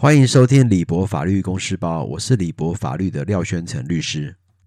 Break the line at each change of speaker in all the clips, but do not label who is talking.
歡迎收聽李博法律公司報，我是李博法律的廖宣成律師。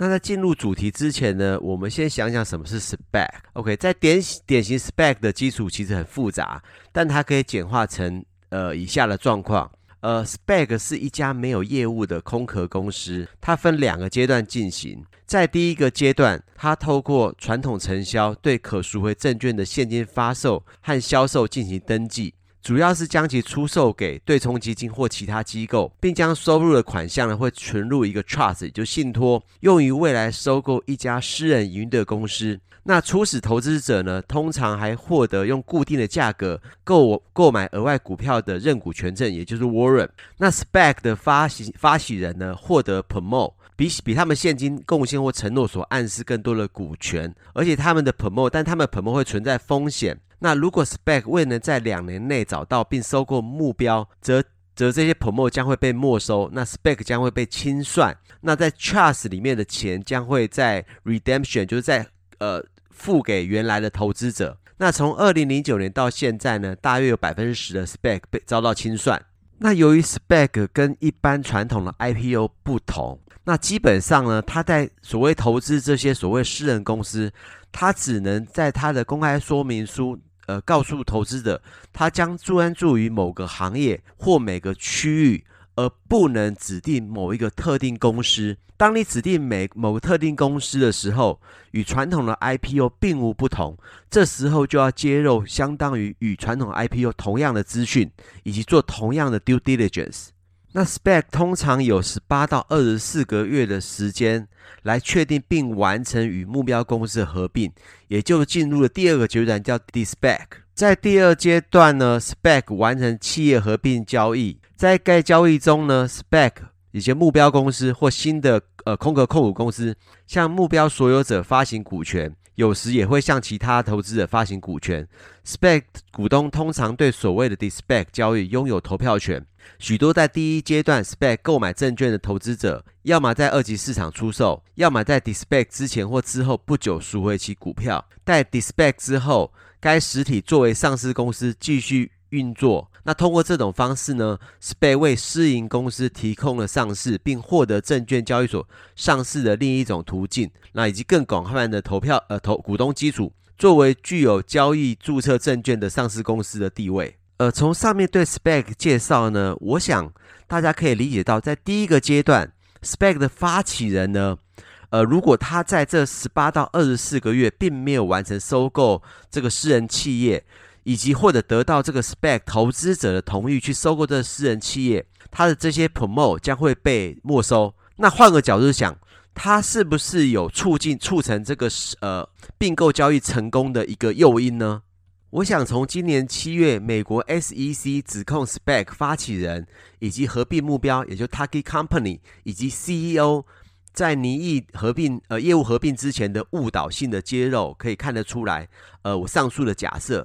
那在進入主題之前呢，我們先想想什麼是 SPAC。OK，在典型典型 SPAC 的基礎其實很複雜，但它可以簡化成呃以下的狀況。呃，SPAC 是一家沒有業務的空殼公司，它分兩個階段進行。在第一個階段，它透過傳統承銷對可贖回證券的現金發售和銷售進行登記。主要是將其出售給對沖基金或其他機構，並將收入的款項呢會存入一個 trust，也就是信托，用於未來收購一家私人營運的公司。那初始投資者呢通常還獲得用固定的價格購購買額外股票的認股權證，也就是 warrant。那 SPAC 的發行发起人呢獲得 promote。比比他們現金貢獻或承諾所暗示更多的股權，而且他們的 promote，但他們 promote 會存在風險。那如果 SPAC 未能在兩年內找到並收購目標，則則這些 promote 將會被沒收，那 SPAC 將會被清算。那在 trust 裡面的錢將會在 redemption，就是在呃付給原來的投資者。那從二零零九年到現在呢，大約有百分之十的 SPAC 被遭到清算。那由於 SPAC 跟一般傳統的 IPO 不同，那基本上呢，他在所謂投資這些所謂私人公司，他只能在他的公開說明書，呃，告訴投資者，他將專注於某個行業或每個區域。而不能指定某一個特定公司。當你指定每某個特定公司的時候，與傳統的 IPO 並無不同。這時候就要接入相當於與傳統 IPO 同樣的資訊，以及做同樣的 due diligence。那 SPAC 通常有十八到二十四個月的時間來確定並完成與目標公司的合併，也就進入了第二個階段，叫 de-SPAC。在第二階段呢，SPAC 完成企業合併交易。在該交易中呢，SPAC 以及目標公司或新的呃空殼控股公司向目標所有者發行股權，有時也會向其他投資者發行股權。SPAC 股東通常對所謂的 de-SPAC 交易擁有投票權。許多在第一階段 SPAC 購買證券的投資者，要麼在二級市場出售，要麼在 de-SPAC 之前或之後不久贖回其股票。待 de-SPAC 之後，該實體作為上市公司繼續。運作，那通過這種方式呢，SPAC 為私營公司提供了上市並獲得證券交易所上市的另一種途徑，那以及更廣泛的投票呃投股東基礎，作為具有交易注冊證券的上市公司的地位。呃，從上面對 SPAC 介紹呢，我想大家可以理解到，在第一個階段，SPAC 的發起人呢，呃，如果他在這十八到二十四個月並沒有完成收購這個私人企業。以及或者得到這個 SPAC 投資者的同意去收購這私人企業，他的這些 promote 將會被沒收。那換個角度想，他是不是有促進促成這個呃併購交易成功的一個誘因呢？我想從今年七月美國 SEC 指控 SPAC 發起人以及合併目標，也就是 Tucky Company 以及 CEO 在擬議合併呃業務合併之前的誤導性的揭露，可以看得出來。呃，我上述的假設。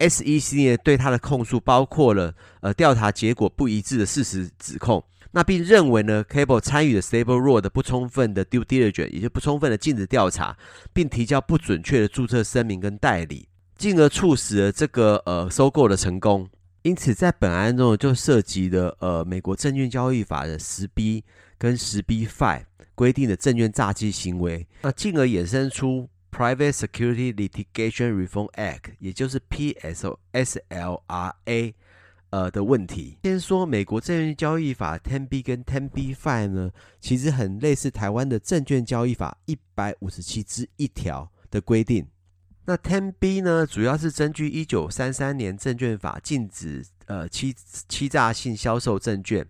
SEC 對他的控訴包括了呃調查結果不一致的事實指控，那並認為呢，Cable 參與了 Stable Road 的不充分的 due diligence，也就不充分的盡職調查，並提交不準確的注冊聲明跟代理，進而促使了這個呃收購的成功。因此，在本案中就涉及了呃美國證券交易法的 10b 跟 10b-5 規定的證券詐欺行為，那進而衍生出。Private Security Litigation Reform Act，也就是 PSLRA，呃的問題。先說美國證券交易法 10b 跟 10b5 呢，其實很類似台灣的證券交易法一百五十七之一條的規定。那 10b 呢，主要是根據一九三三年證券法禁止呃欺欺詐性銷售證券。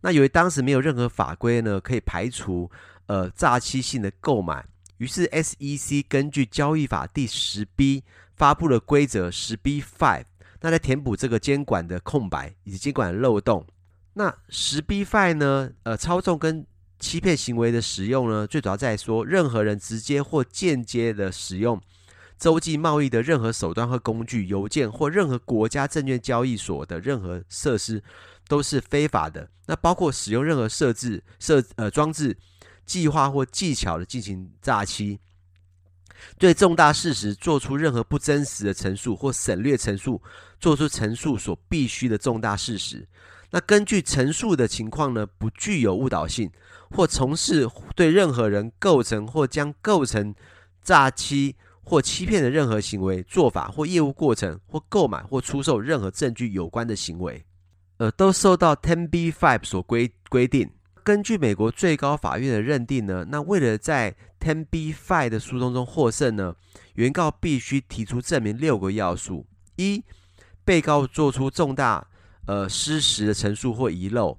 那由於當時沒有任何法規呢，可以排除呃詐欺性的購買。於是，SEC 根據交易法第十 B 發布了規則十 B Five，那在填補這個監管的空白以及監管的漏洞。那十 B Five 呢，呃，操縱跟欺騙行為的使用呢，最主要在說，任何人直接或間接的使用洲際貿易的任何手段和工具，郵件或任何國家證券交易所的任何設施，都是非法的。那包括使用任何設置設呃裝置，計劃或技巧的進行詐欺，對重大事實做出任何不真實的陳述或省略陳述，做出陳述所必須的重大事實。那根據陳述的情況呢，不具有誤導性，或從事對任何人構成或將構成詐欺或欺騙的任何行為、做法或業務過程，或購買或出售任何證據有關的行為，呃，都受到 Ten B Five 所規規定。根據美國最高法院的認定呢，那為了在 Ten B Five 的訴訟中中獲勝呢，原告必須提出證明六個要素：一、被告做出重大呃失實的陳述或遺漏；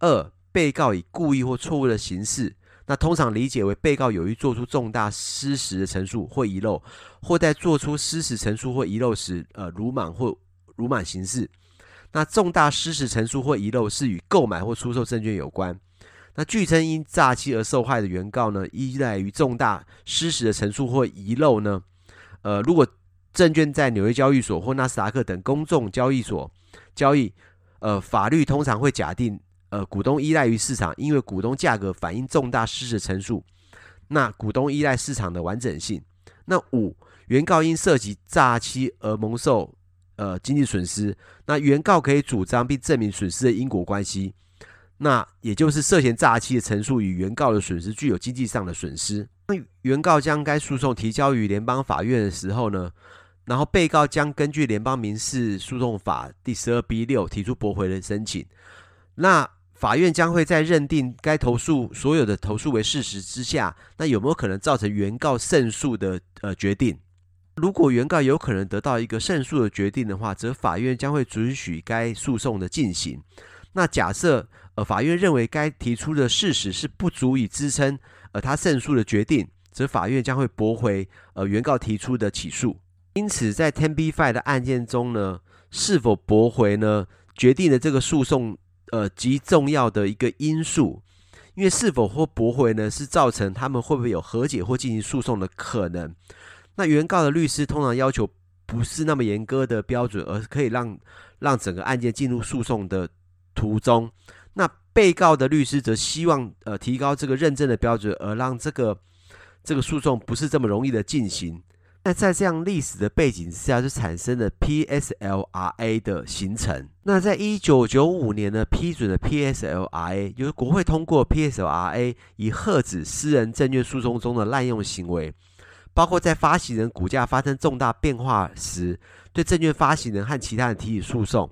二、被告以故意或錯誤的形式，那通常理解為被告有意做出重大失實的陳述或遺漏，或在做出失實陳述或遺漏時呃魯莽或魯莽行事。那重大失實陳述或遺漏是與購買或出售證券有關。那據稱因詐欺而受害的原告呢，依賴於重大失實的陳述或遺漏呢。呃，如果證券在紐約交易所或納斯達克等公眾交易所交易，呃，法律通常會假定，呃，股東依賴於市場，因為股東價格反映重大失實的陳述。那股東依賴市場的完整性。那五原告因涉及詐欺而蒙受呃經濟損失，那原告可以主張並證明損失的因果關係。那也就是涉嫌詐欺的陳述與原告的損失具有經濟上的損失。那原告將該訴訟提交於聯邦法院的時候呢，然後被告將根據聯邦民事訴訟法第十二 B 六提出駁回的申請。那法院將會在認定該投訴所有的投訴為事實之下，那有沒有可能造成原告勝訴的呃決定？如果原告有可能得到一個勝訴的決定的話，則法院將會准許該訴訟的進行。那假設呃，法院認為該提出的事實是不足以支撐呃他勝訴的決定，則法院將會駁回呃原告提出的起訴。因此，在 Ten B Five 的案件中呢，是否駁回呢，決定了這個訴訟呃極重要的一個因素，因為是否或駁回呢，是造成他們會不會有和解或進行訴訟的可能。那原告的律師通常要求不是那麼嚴格的標準，而是可以讓讓整個案件進入訴訟的。途中，那被告的律師則希望，呃，提高這個認證的標準，而讓這個這個訴訟不是這麼容易的進行。那在這樣歷史的背景之下，就產生了 PSLRA 的形成。那在一九九五年呢，批准了 PSLRA 由國會通過，PSLRA 以遏止私人證券訴訟中的濫用行為，包括在發行人股價發生重大變化時，對證券發行人和其他人提起訴訟。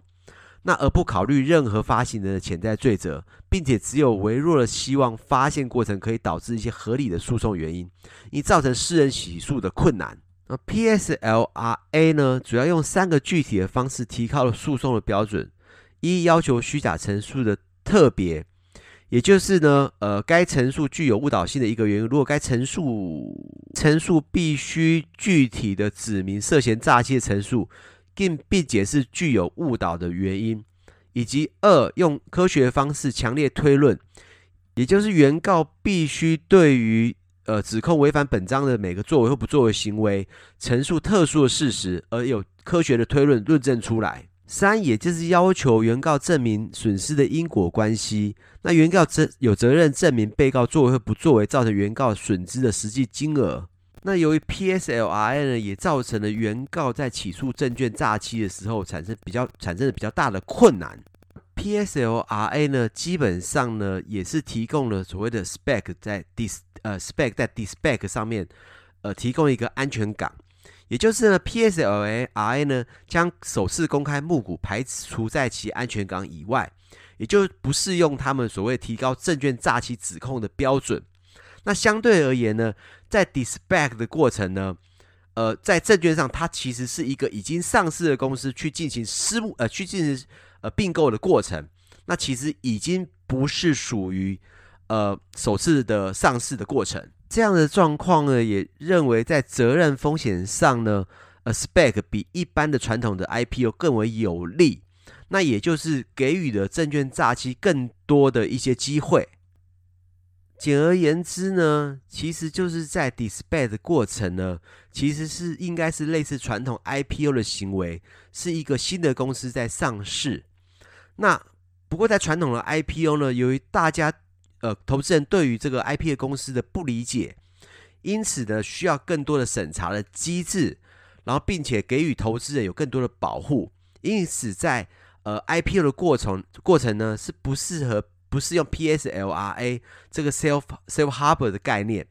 那而不考慮任何發行人的潛在罪責，並且只有微弱的希望發現過程可以導致一些合理的訴訟原因，以造成私人起訴的困難。那 P S L R A 呢，主要用三個具體的方式提高了訴訟的標準：一，要求虛假陳述的特別，也就是呢，呃，該陳述具有誤導性的一個原因。如果該陳述陳述必須具體的指明涉嫌詐欺陳述。並並解釋具有誤導的原因，以及二，用科學方式強烈推論，也就是原告必須對於呃指控違反本章的每個作為或不作為行為，陳述特殊的事實，而有科學的推論論證出來。三，也就是要求原告證明損失的因果關係。那原告責有責任證明被告作為或不作為造成原告損失的實際金額。那由於 PSLRA 呢，也造成了原告在起訴證券詐欺的時候，產生比較產生了比較大的困難。PSLRA 呢，基本上呢，也是提供了所謂的 spec 在 dis 呃 spec 在 dispec 上面呃提供一個安全港，也就是呢，PSLRA 呢將首次公開募股排除在其安全港以外，也就不適用他們所謂提高證券詐欺指控的標準。那相對而言呢？在 de-SPAC 的過程呢，呃，在證券上，它其實是一個已經上市的公司去進行私募，呃，去進行呃併購的過程。那其實已經不是屬於呃首次的上市的過程。這樣的狀況呢，也認為在責任風險上呢，呃，SPAC 比一般的傳統的 IPO 更為有利。那也就是給予了證券詐欺更多的一些機會。簡而言之呢，其實就是在 de-SPAC 的過程呢，其實是應該是類似傳統 IPO 的行為，是一個新的公司在上市。那不過在傳統的 IPO 呢，由於大家呃投資人對於這個 IPO 公司的不理解，因此呢需要更多的審查的機制，然後並且給予投資人有更多的保護，因此在呃 IPO 的過程過程呢是不適合。不是用 PSLRA 這個 safe safe harbor 的概念，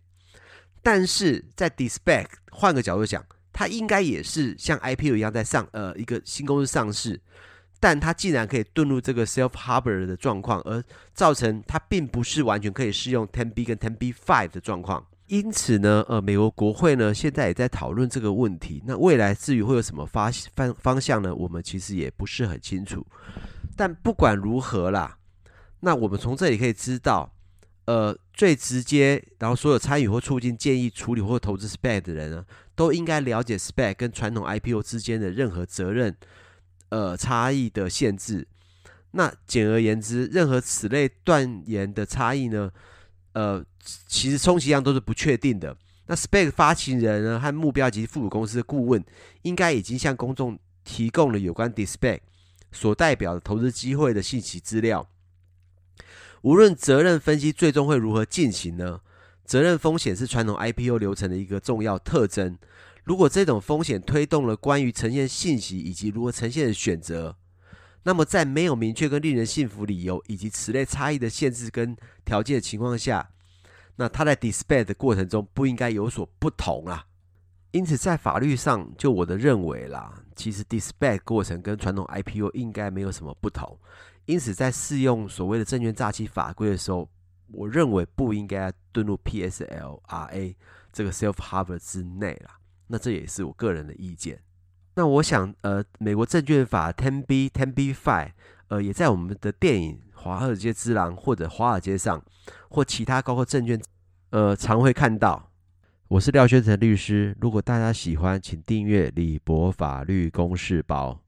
但是在 SPAC 換個角度講，它應該也是像 IPO 一樣在上呃一個新公司上市，但它竟然可以遁入這個 safe harbor 的狀況，而造成它並不是完全可以適用 10b 跟 10b-5 的狀況，因此呢，呃，美國國會呢現在也在討論這個問題。那未來至於會有什麼發方方向呢？我們其實也不是很清楚。但不管如何啦。那我們從這裡可以知道，呃，最直接，然後所有參與或促進建議處理或投資 SPAC 的人呢、啊，都應該了解 SPAC 跟傳統 IPO 之間的任何責任，呃，差異的限制。那簡而言之，任何此類斷言的差異呢，呃，其實充其量都是不確定的。那 SPAC 發行人呢和目標及附屬公司的顧問，應該已經向公眾提供了有關 SPAC 所代表的投資機會的信息資料。無論責任分析最終會如何進行呢，責任風險是傳統 IPO 流程的一個重要特徵。如果這種風險推動了關於呈現信息以及如何呈現的選擇，那麼在沒有明確跟令人信服理由以及此類差異的限制跟條件的情況下，那它在 de-SPAC 的過程中不應該有所不同啊。因此，在法律上，就我的認為啦，其實 de-SPAC 過程跟傳統 IPO 應該沒有什麼不同。因此，在適用所謂的證券詐欺法規的時候，我認為不應該遁入 PSLRA 這個 Safe Harbor 之內了。那這也是我個人的意見。那我想，呃，美國證券法 10b、10b-5，呃，也在我們的電影《華爾街之狼》或者《華爾街》上，或其他包括證券，呃，常會看到。我是廖軒成律師。如果大家喜歡，請訂閱李博法律公式包。